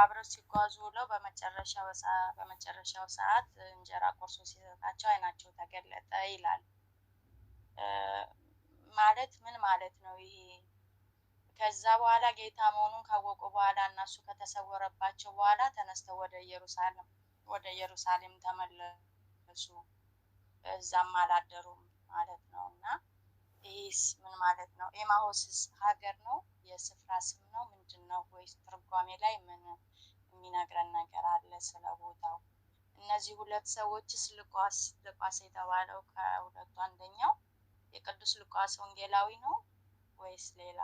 አብረው ሲጓዙ ውለው በመጨረሻው ሰዓት እንጀራ ቆርሶ ሲሰጣቸው አይናቸው ተገለጠ ይላል። ማለት ምን ማለት ነው ይሄ? ከዛ በኋላ ጌታ መሆኑን ካወቁ በኋላ እነሱ ከተሰወረባቸው በኋላ ተነስተው ወደ ኢየሩሳሌም ወደ ኢየሩሳሌም ተመለሱ። እዛም አላደሩም ማለት ነው። እና ይህስ ምን ማለት ነው? ኤማሆስስ ሀገር ነው የስፍራ ስም ነው ምንድን ነው ወይስ ትርጓሜ ላይ ምን የሚነግረን ነገር አለ ስለ ቦታው? እነዚህ ሁለት ሰዎችስ ስልቋስ ልቋስ የተባለው ከሁለቱ አንደኛው የቅዱስ ልቋስ ወንጌላዊ ነው ወይስ ሌላ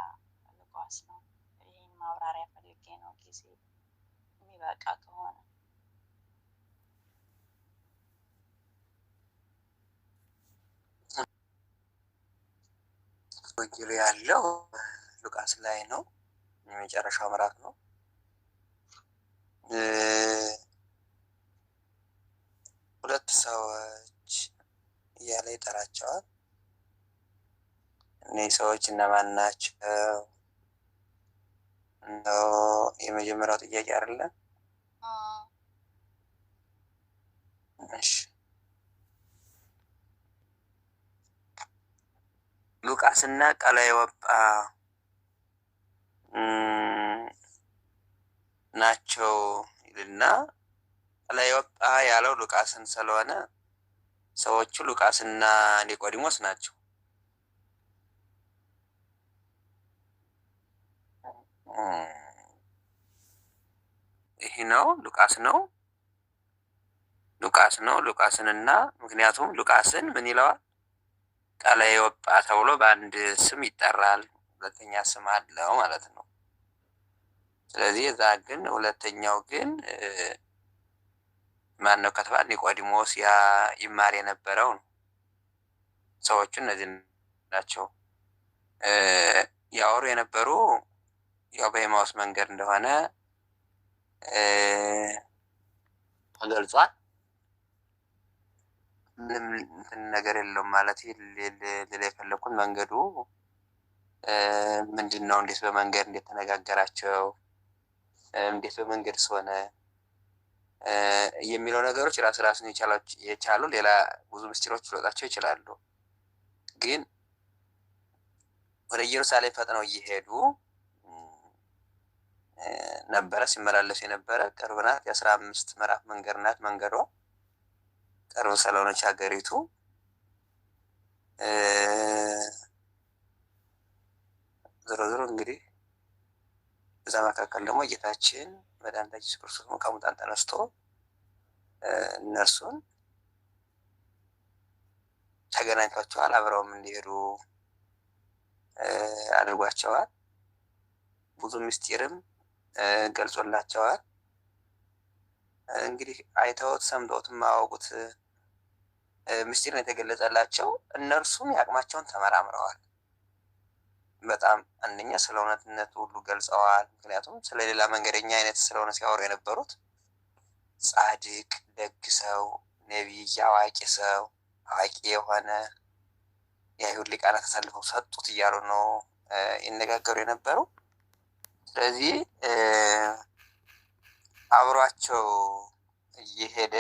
ልቋስ ነው? ይህን ማብራሪያ ፈልጌ ነው ጊዜ የሚበቃ ከሆነ ያለው ሉቃስ ላይ ነው። የመጨረሻው ምዕራፍ ነው። ሁለት ሰዎች እያለ ይጠራቸዋል። እኔ ሰዎች እነማን ናቸው ነው የመጀመሪያው ጥያቄ አይደለ? እና ቀላይ ወጣ ናቸው ይልና ላይ ወጣ ያለው ሉቃስን ስለሆነ ሰዎቹ ሉቃስና ኒቆዲሞስ ናቸው። ይህ ነው ሉቃስ ነው ሉቃስ ነው ሉቃስንና ምክንያቱም ሉቃስን ምን ይለዋል? ቃለ ተብሎ በአንድ ስም ይጠራል። ሁለተኛ ስም አለው ማለት ነው። ስለዚህ እዛ ግን ሁለተኛው ግን ማን ነው ከተባለ ኒቆዲሞስ ያ ይማር የነበረው ነው። ሰዎቹ እነዚህ ናቸው ያወሩ የነበሩ ያው በኤማውስ መንገድ እንደሆነ ተገልጿል። ምንም ነገር የለውም ማለት ሌላ የፈለግኩት መንገዱ ምንድን ነው? እንዴት በመንገድ እንደተነጋገራቸው እንዴት በመንገድ ስሆነ የሚለው ነገሮች ራስ ራስን የቻሉ ሌላ ብዙ ምስጢሮች ሊወጣቸው ይችላሉ። ግን ወደ ኢየሩሳሌም ፈጥነው እየሄዱ ነበረ ሲመላለሱ የነበረ ቅርብ ናት። የአስራ አምስት ምዕራፍ መንገድ ናት። መንገዷ ቅርብ ስለሆነች ሀገሪቱ ዞሮ ዞሮ እንግዲህ በዛ መካከል ደግሞ ጌታችን መድኃኒታችን ኢየሱስ ክርስቶስ ከሙታን ተነስቶ እነርሱን ተገናኝቷቸዋል። አብረውም እንዲሄዱ አድርጓቸዋል። ብዙ ምስጢርም ገልጾላቸዋል። እንግዲህ አይተውት ሰምተውት የማያውቁት ምስጢር ነው የተገለጸላቸው። እነርሱም የአቅማቸውን ተመራምረዋል። በጣም አንደኛ ስለ እውነትነት ሁሉ ገልጸዋል። ምክንያቱም ስለሌላ መንገደኛ አይነት ስለሆነ ሲያወሩ የነበሩት ጻድቅ፣ ደግ ሰው፣ ነቢይ፣ አዋቂ ሰው አዋቂ የሆነ የአይሁድ ሊቃናት አሳልፈው ሰጡት እያሉ ነው ይነጋገሩ የነበረው። ስለዚህ አብሯቸው እየሄደ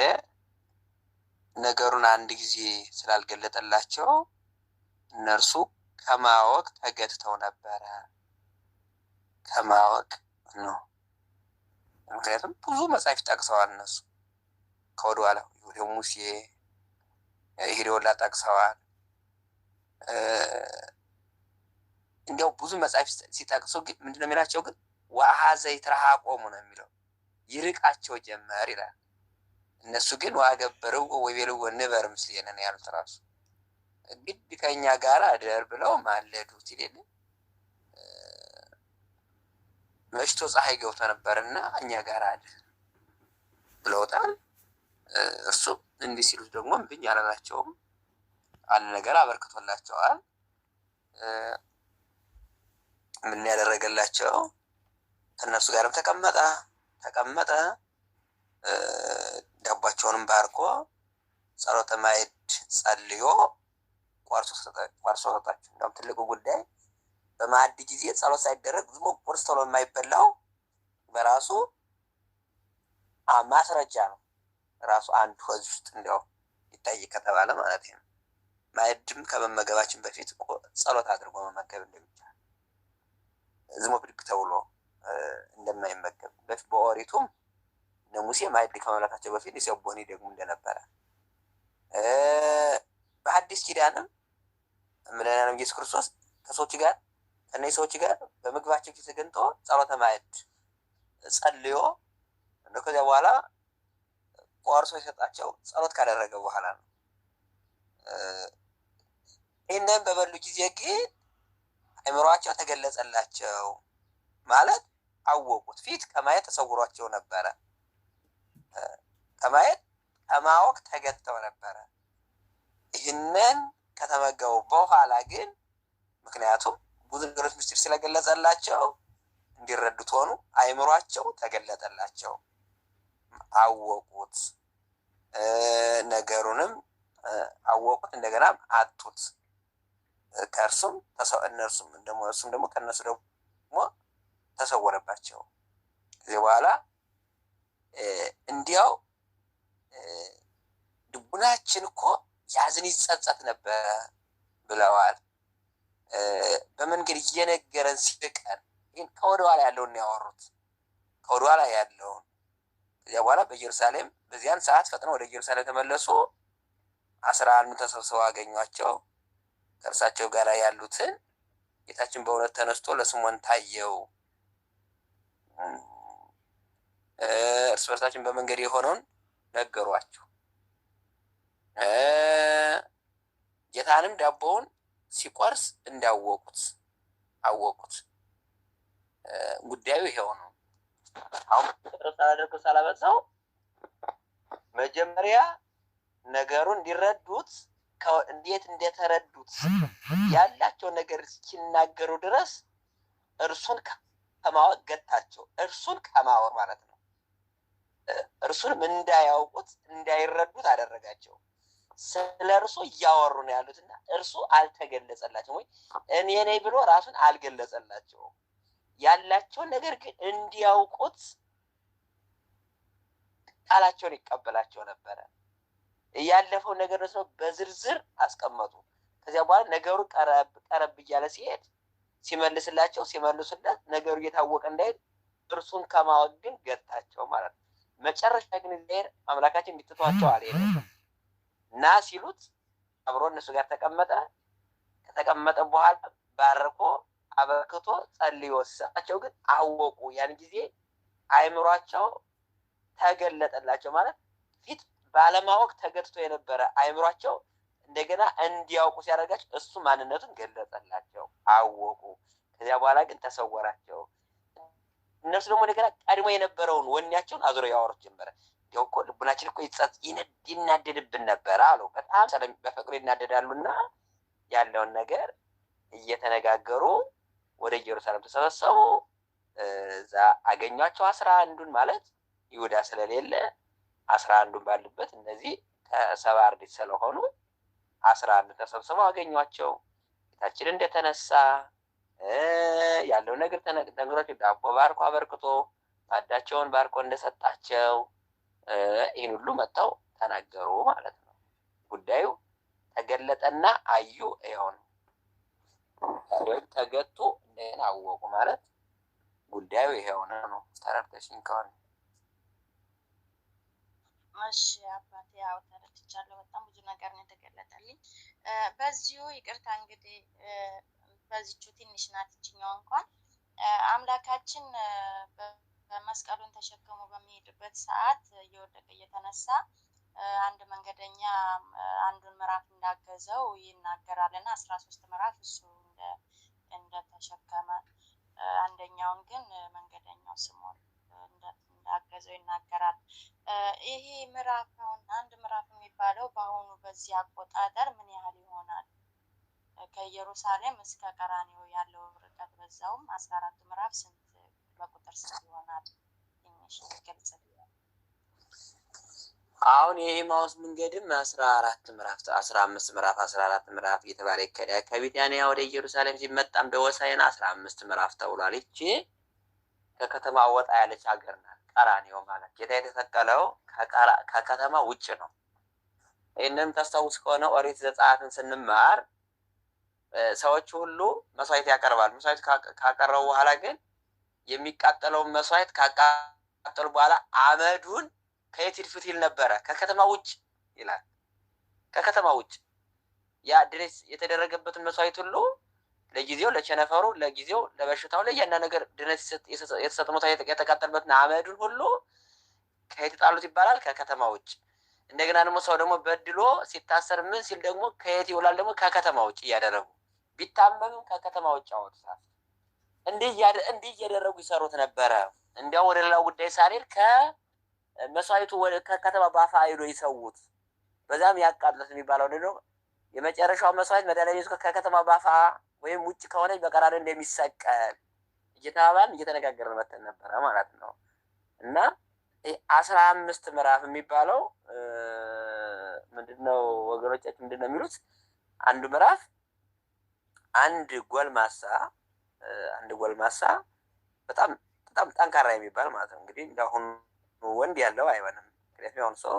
ነገሩን አንድ ጊዜ ስላልገለጠላቸው እነርሱ ከማወቅ ተገድተው ነበረ። ከማወቅ ነው። ምክንያቱም ብዙ መጽሐፍ ጠቅሰዋል። እነሱ ከወደ ኋላ ሙሴ ሄዶላ ጠቅሰዋል። እንዲያው ብዙ መጽሐፍ ሲጠቅሱ ግን ምንድነው የሚላቸው? ግን ዋሀዘ ቆሙ ነው የሚለው ይርቃቸው ጀመር ይላል። እነሱ ግን ዋገበረው ወይቤልዎ ንበር ምስሌነ ነው ያሉት ራሱ ግድ ከኛ ጋር አደር ብለው ማለዱት ይል መሽቶ ፀሐይ ገብቶ ነበር እና እኛ ጋር አለ ብለውታል። እሱ እንዲህ ሲሉት ደግሞ እምቢኝ አላላቸውም። አንድ ነገር አበርክቶላቸዋል። ምን ያደረገላቸው? ከእነርሱ ጋርም ተቀመጠ ተቀመጠ ዳቧቸውንም ባርኮ ጸሎተ ማዕድ ጸልዮ ቆርሶ ሰጣችሁ። እንደውም ትልቁ ጉዳይ በማዕድ ጊዜ ጸሎት ሳይደረግ ዝሞ ቁርስ ቶሎ የማይበላው በራሱ ማስረጃ ነው። ራሱ አንድ ሆዝ ውስጥ እንዲያው ይታይ ከተባለ ማለት ነው። ማዕድም ከመመገባችን በፊት ጸሎት አድርጎ መመገብ እንደሚቻል ዝሞ ብድግ ተብሎ እንደማይመገብ በፊት በኦሪቱም እነ ሙሴ ማዕድ ከመብላታቸው በፊት የሰቦኒ ደግሞ እንደነበረ አዲስ ኪዳንም መድኃኒዓለም ኢየሱስ ክርስቶስ ከሰዎች ጋር ከእነዚህ ሰዎች ጋር በምግባቸው ጊዜ ተገንጦ ጸሎተ ማዕድ ጸልዮ እንደ ከዚያ በኋላ ቆርሶ የሰጣቸው ጸሎት ካደረገ በኋላ ነው። ይህንን በበሉ ጊዜ ግን አይምሯቸው ተገለጸላቸው ማለት አወቁት። ፊት ከማየት ተሰውሯቸው ነበረ። ከማየት ከማወቅ ተገጥተው ነበረ። ይህንን ከተመገቡ በኋላ ግን ምክንያቱም ብዙ ነገሮች ምስጢር ስለገለጸላቸው እንዲረዱት ሆኑ። አይምሯቸው ተገለጠላቸው፣ አወቁት፣ ነገሩንም አወቁት፣ እንደገናም አጡት። ከእርሱም እነርሱም እርሱም ደግሞ ከእነሱ ደግሞ ተሰወረባቸው። ከዚህ በኋላ እንዲያው ድቡናችን እኮ ያዝን ይጸጸት ነበር ብለዋል። በመንገድ እየነገረን ሲርቀን ግን ከወደኋላ ያለውን ያወሩት ከወደኋላ ያለውን ከዚያ በኋላ በኢየሩሳሌም በዚያን ሰዓት ፈጥነው ወደ ኢየሩሳሌም ተመለሱ። አስራ አንዱ ተሰብስበው አገኟቸው። ከእርሳቸው ጋር ያሉትን ጌታችን በእውነት ተነስቶ ለስሞን ታየው። እርስ በርሳችን በመንገድ የሆነውን ነገሯቸው። ጌታንም ዳቦውን ሲቆርስ እንዳወቁት አወቁት። ጉዳዩ ይሄው ነው። አሁን ሳላደርገው ሳላበዛው መጀመሪያ ነገሩን እንዲረዱት እንዴት እንደተረዱት ያላቸው ነገር እስኪናገሩ ድረስ እርሱን ከማወቅ ገታቸው። እርሱን ከማወቅ ማለት ነው። እርሱን እንዳያውቁት እንዳይረዱት አደረጋቸው። ስለ እርሱ እያወሩ ነው ያሉት እና እርሱ አልተገለጸላቸውም ወይ እኔ ነኝ ብሎ ራሱን አልገለጸላቸውም። ያላቸውን ነገር ግን እንዲያውቁት ቃላቸውን ይቀበላቸው ነበረ። ያለፈው ነገር ነው በዝርዝር አስቀመጡ። ከዚያ በኋላ ነገሩ ቀረብ እያለ ሲሄድ ሲመልስላቸው ሲመልሱለት ነገሩ እየታወቀ እንዳይሄድ እርሱን ከማወቅ ግን ገታቸው ማለት ነው። መጨረሻ ግን እግዚአብሔር አምላካችን እንዲትቷቸው አልሄደም። ና ሲሉት አብሮ እነሱ ጋር ተቀመጠ። ከተቀመጠ በኋላ ባርኮ አበርክቶ ጸልዮ ሰጣቸው። ግን አወቁ። ያን ጊዜ አይምሯቸው ተገለጠላቸው። ማለት ፊት ባለማወቅ ተገድቶ የነበረ አይምሯቸው እንደገና እንዲያውቁ ሲያደርጋቸው እሱ ማንነቱን ገለጠላቸው አወቁ። ከዚያ በኋላ ግን ተሰወራቸው። እነሱ ደግሞ እንደገና ቀድሞ የነበረውን ወኔያቸውን አዙረው ያወሩት ጀመረ። ያው እኮ ልቡናችን እኮ ይናደድብን ነበረ አለው። በጣም በፍቅሩ ይናደዳሉና ያለውን ነገር እየተነጋገሩ ወደ ኢየሩሳሌም ተሰበሰቡ። እዛ አገኟቸው አስራ አንዱን ማለት ይሁዳ ስለሌለ አስራ አንዱን ባሉበት እነዚህ ከሰባ አርድእት ስለሆኑ አስራ አንዱ ተሰብስበው አገኟቸው። ጌታችን እንደተነሳ ያለው ነገር ተነግሯቸው ዳቦ ባርኮ አበርክቶ ማዕዳቸውን ባርኮ እንደሰጣቸው ይህን ሁሉ መጥተው ተናገሩ ማለት ነው። ጉዳዩ ተገለጠና አዩ ይሆን ወይም ተገጡ እንደገና አወቁ ማለት ጉዳዩ ይሄው ነው። ተረድተሽኝ ከሆነ እሺ አባቴ፣ ያው ተረድቻለሁ። በጣም ብዙ ነገር ነው የተገለጠልኝ። በዚሁ ይቅርታ እንግዲህ በዚቹ ትንሽ ናት ይችኛው እንኳን አምላካችን መስቀሉን ተሸክሞ በሚሄድበት ሰዓት እየወደቀ እየተነሳ አንድ መንገደኛ አንዱን ምዕራፍ እንዳገዘው ይናገራል እና አስራ ሶስት ምዕራፍ እሱ እንደተሸከመ አንደኛውን ግን መንገደኛው ስምዖን እንዳገዘው ይናገራል። ይሄ ምዕራፍ አሁን አንድ ምዕራፍ የሚባለው በአሁኑ በዚህ አቆጣጠር ምን ያህል ይሆናል? ከኢየሩሳሌም እስከ ቀራኒዮ ያለው ርቀት በዛውም አስራ አራት ምዕራፍ ስንት ይሆናል አሁን የኤማውስ መንገድም አስራ አራት ምዕራፍ አስራ አምስት ምዕራፍ አስራ አራት ምዕራፍ እየተባለ ይከዳል። ከቢታንያ ወደ ኢየሩሳሌም ሲመጣም በወሳይን አስራ አምስት ምዕራፍ ተውሏል። ይቺ ከከተማ ወጣ ያለች ሀገር ናት። ቀራኔው ማለት ጌታ የተሰቀለው ከከተማ ውጭ ነው። ይህንም ታስታውስ ከሆነ ኦሪት ዘጸአትን ስንማር ሰዎች ሁሉ መስዋዕት ያቀርባል። መስዋዕት ካቀረቡ በኋላ ግን የሚቃጠለውን መስዋዕት ካቃጠሉ በኋላ አመዱን ከየት ይድፉት ይል ነበረ? ከከተማ ውጭ ይላል። ከከተማ ውጭ ያ ድሬስ የተደረገበትን መስዋዕት ሁሉ ለጊዜው ለቸነፈሩ፣ ለጊዜው ለበሽታው፣ ለእያንዳንዱ ነገር ድነት የተሰጠ ሞታ የተቃጠልበትን አመዱን ሁሉ ከየት ጣሉት ይባላል? ከከተማ ውጭ። እንደገና ደግሞ ሰው ደግሞ በድሎ ሲታሰር ምን ሲል ደግሞ ከየት ይውላል? ደግሞ ከከተማ ውጭ እያደረጉ ቢታመምም ከከተማ ውጭ አወጡታል። እንዲህ እያደረጉ ይሰሩት ነበረ። እንዲያው ወደ ሌላው ጉዳይ ሳልሄድ ከመስዋዕቱ ከከተማ ባፋ አይዶ ይሰዉት በዛም ያቃጥሉት የሚባለው ደግሞ የመጨረሻው መስዋዕት መድኃኒዓለም ኢየሱስ ከከተማ ባፋ ወይም ውጭ ከሆነች በቀራንዮ እንደሚሰቀል እየተባባልን እየተነጋገርን መተን ነበረ ማለት ነው። እና አስራ አምስት ምዕራፍ የሚባለው ምንድነው ወገኖቻችን፣ ምንድነው የሚሉት? አንዱ ምዕራፍ አንድ ጎልማሳ አንድ ጎልማሳ በጣም በጣም ጠንካራ የሚባል ማለት ነው። እንግዲህ እንዳሁኑ ወንድ ያለው አይሆንም። ምክንያቱም ያሁኑ ሰው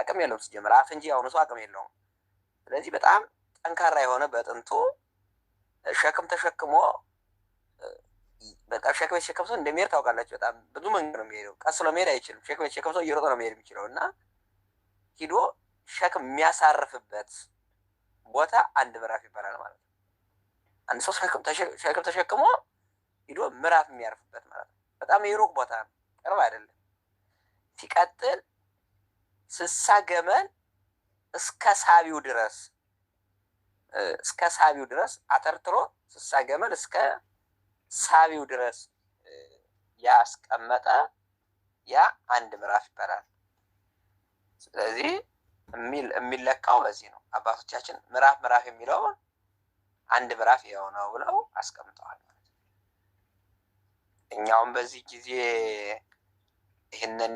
አቅም የለውም ሲጀምር አፍ እንጂ ያሁኑ ሰው አቅም የለውም። ስለዚህ በጣም ጠንካራ የሆነ በጥንቱ ሸክም ተሸክሞ በቃ ሸክም የተሸከም ሰው እንደሚሄድ ታውቃላችሁ። በጣም ብዙ መንገድ ነው የሚሄደው። ቀስሎ መሄድ አይችልም። ሸክም የተሸከም ሰው እየሮጠ ነው መሄድ የሚችለው እና ሂዶ ሸክም የሚያሳርፍበት ቦታ አንድ ምዕራፍ ይባላል ማለት ነው። አንድ ሰው ሸክም ተሸክሞ ሂዶ ምዕራፍ የሚያርፍበት ማለት ነው። በጣም የሩቅ ቦታ ነው፣ ቅርብ አይደለም። ሲቀጥል ስሳ ገመል እስከ ሳቢው ድረስ እስከ ሳቢው ድረስ አተርትሮ ስሳ ገመል እስከ ሳቢው ድረስ ያስቀመጠ ያ አንድ ምዕራፍ ይባላል። ስለዚህ የሚለካው በዚህ ነው። አባቶቻችን ምዕራፍ ምዕራፍ የሚለውን አንድ ምዕራፍ የሆነው ብለው አስቀምጠዋል። እኛውም በዚህ ጊዜ ይህንን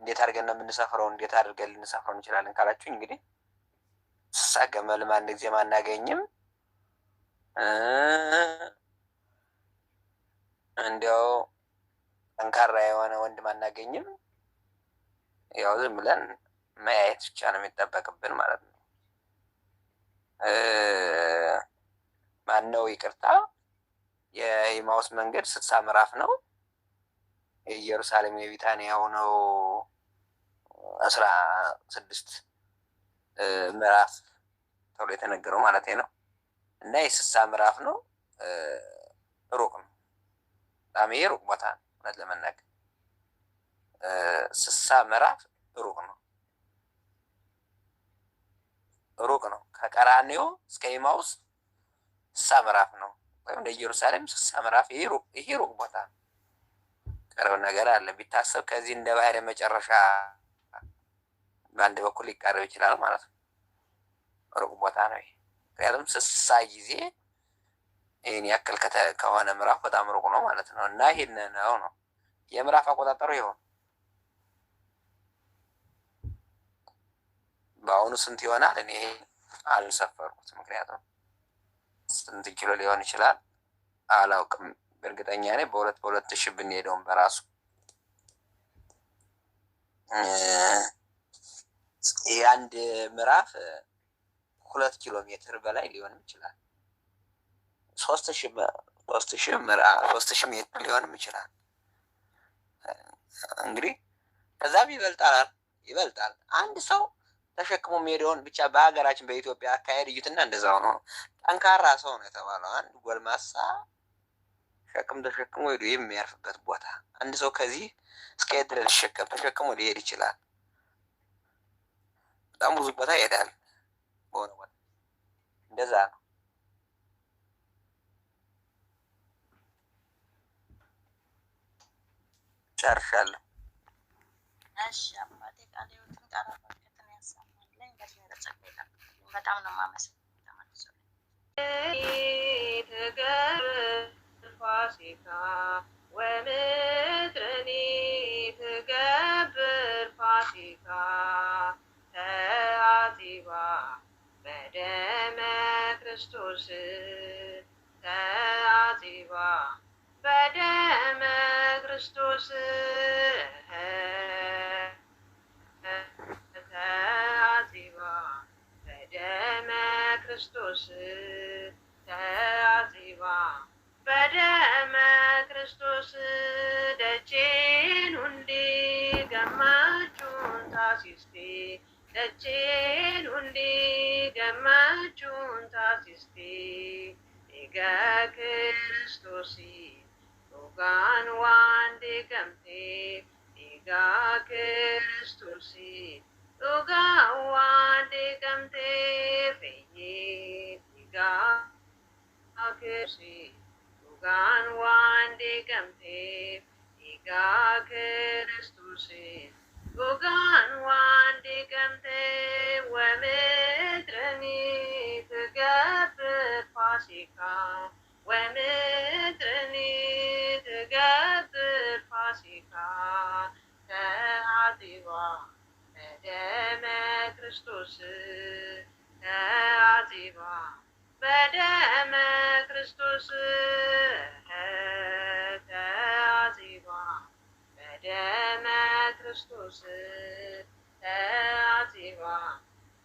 እንዴት አድርገን ነው የምንሰፍረው? እንዴት አድርገን ልንሰፍረው እንችላለን ካላችሁኝ እንግዲህ ስሳ ገመልም አንድ ጊዜ አናገኝም። እንዲያው ጠንካራ የሆነ ወንድም አናገኝም። ያው ዝም ብለን መያየት ብቻ ነው የሚጠበቅብን ማለት ነው። ማነው ይቅርታ የኢማውስ መንገድ ስልሳ ምዕራፍ ነው። የኢየሩሳሌም የቢታንያው ነው አስራ ስድስት ምዕራፍ ተብሎ የተነገረው ማለት ነው። እና የስልሳ ምዕራፍ ነው። ሩቅ ነው በጣም ይሄ ሩቅ ቦታ ነው። እውነት ለመናገር ስልሳ ምዕራፍ ሩቅ ነው ሩቅ ነው ከቀራኒዮ እስከ ኢማውስ ስሳ ምዕራፍ ነው ወይም እንደ ኢየሩሳሌም ስሳ ምዕራፍ። ይሄ ሩቅ ቦታ ቅርብ ነገር አለ ቢታሰብ ከዚህ እንደ ባህር መጨረሻ በአንድ በኩል ሊቀርብ ይችላል ማለት ነው። ሩቅ ቦታ ነው። ምክንያቱም ስሳ ጊዜ ይህን ያክል ከሆነ ምዕራፍ በጣም ሩቅ ነው ማለት ነው። እና ይህን ነው ነው የምዕራፍ አቆጣጠሩ ይሆን በአሁኑ ስንት ይሆናል? እኔ አልሰፈርኩት ምክንያቱም ስንት ኪሎ ሊሆን ይችላል አላውቅም። እርግጠኛ ነኝ በሁለት በሁለት ሺ ብንሄደውም በራሱ የአንድ ምዕራፍ ሁለት ኪሎ ሜትር በላይ ሊሆንም ይችላል። ሶስት ሺ ሶስት ሺ ምዕራፍ ሶስት ሺ ሜትር ሊሆንም ይችላል። እንግዲህ ከዛም ይበልጣል ይበልጣል አንድ ሰው ተሸክሞ የሚሄደውን ብቻ በሀገራችን በኢትዮጵያ አካሄድ እዩትና እንደዛ ሆኖ ነው። ጠንካራ ሰው ነው የተባለው አንድ ጎልማሳ ሸክም ተሸክሞ ሄዶ የሚያርፍበት ቦታ አንድ ሰው ከዚህ እስከ የት ድረስ ሊሸከም ተሸክሞ ሊሄድ ይችላል። በጣም ብዙ ቦታ ይሄዳል። በሆነ ቦታ እንደዛ ነው። ጨርሻለሁ። እንደዚህ ነገር ጸጋ በጣም ነው የማመሰግነው። ፋሲካ ወምድርኒ ትገብር ፋሲካ ተአዚባ በደመ ክርስቶስ ተአዚባ በደመ ክርስቶስ ክርስቶስ ተአዜባ በደመ ክርስቶስ ደጄን ሁንዴ ገማቹን ታሲስቴ ደጄን ሁንዴ ገማቹን ታሲስቴ ዴገ ክርስቶሲ ሎጋን ዋንዴ ገምቴ ዴጋ ክርስቶሲ Tuga uadikam te peye tiga akirsi. Tugan uadikam te tiga kiristusin. Tugan uadikam te ክርስቶስ አዜባ በደመ ክርስቶስ በደመ ክርስቶስ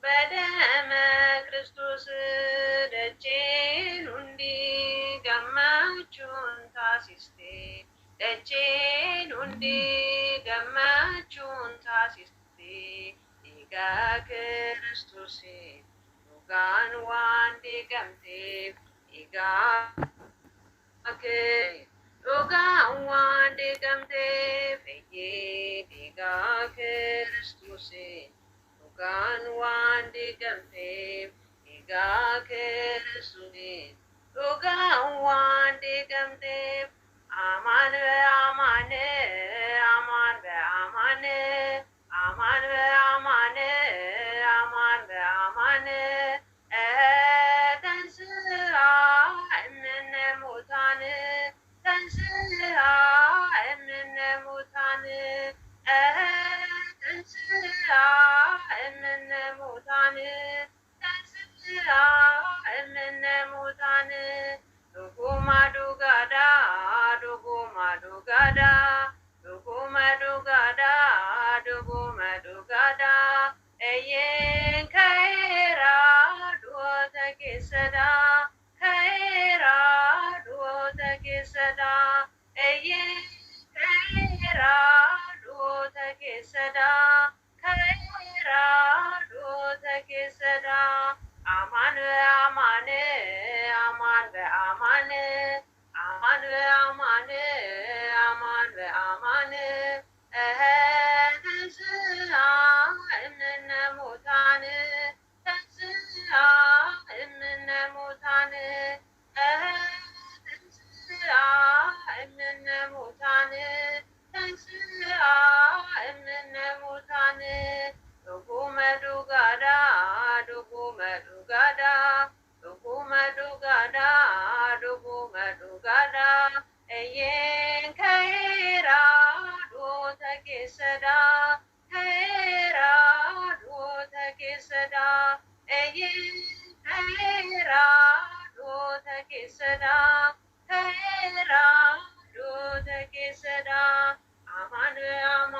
በደመ ክርስቶስ ደጄን ሁንዲ ገመቹን ታሲስቴ ደጄን ከክርስቶስ ኑጋን ዋንዴ ገምቴ ጋ ኬ ኑጋን ዋንዴ ቀምቴ ፈዬ ዲጋ ክርስቶስ ኑጋን ዋንዴ ቀምቴ ኢጋ ክርስቶስ ኑጋን ዋንዴ ቀምቴ አማን በአማን አማን በአማን አማን በአማን ሰዳ ተራዶ ተኬ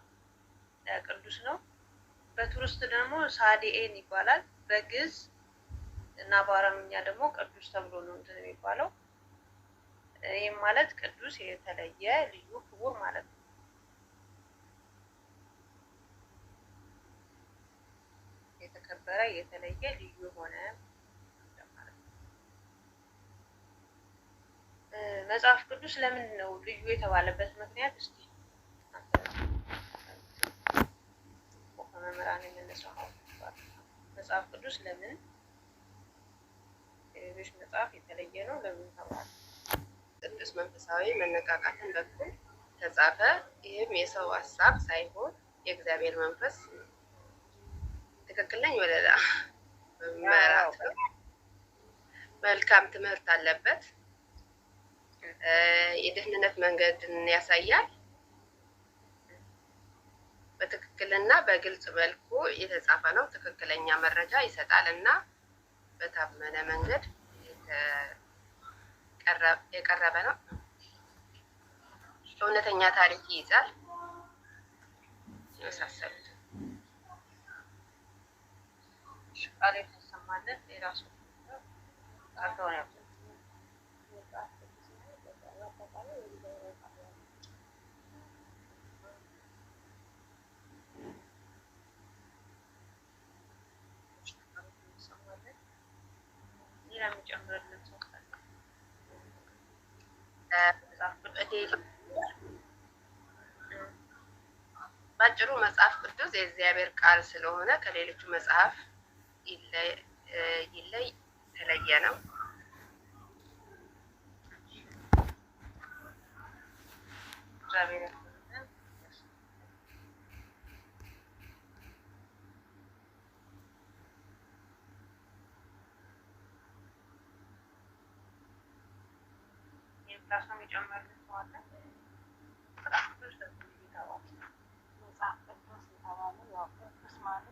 ቅዱስ ነው። በቱሪስት ደግሞ ሳዲኤን ይባላል። በግዕዝ እና በአረብኛ ደግሞ ቅዱስ ተብሎ ነው እንትን የሚባለው። ይህም ማለት ቅዱስ የተለየ ልዩ ክቡር ማለት ነው። የተከበረ የተለየ ልዩ የሆነ መጽሐፍ ቅዱስ ለምንድን ነው ልዩ የተባለበት ምክንያት እስኪ መጽሐፍ ቅዱስ ለምን ከሌሎች መጽሐፍ የተለየ ነው? ለምን ተባለ? ቅዱስ መንፈሳዊ መነቃቃትን በኩል ተጻፈ። ይህም የሰው ሀሳብ ሳይሆን የእግዚአብሔር መንፈስ ነው። ትክክል ወለላ መራት መልካም ትምህርት አለበት። የደህንነት መንገድን ያሳያል። በትክክልና በግልጽ መልኩ የተጻፈ ነው። ትክክለኛ መረጃ ይሰጣል እና በታመነ መንገድ የቀረበ ነው። እውነተኛ ታሪክ ይይዛል። የመሳሰሉት ቃል የተሰማለት የራሱ ባጭሩ መጽሐፍ ቅዱስ የእግዚአብሔር ቃል ስለሆነ ከሌሎቹ መጽሐፍ ይለይ የተለየ ነው። እግዚአብሔር የጨመርን ሰው አለ። በጣም ብዙ ሰዎች የተባሉ መጽሐፍ ቅዱስ የተባሉ ያው ቅዱስ ማለት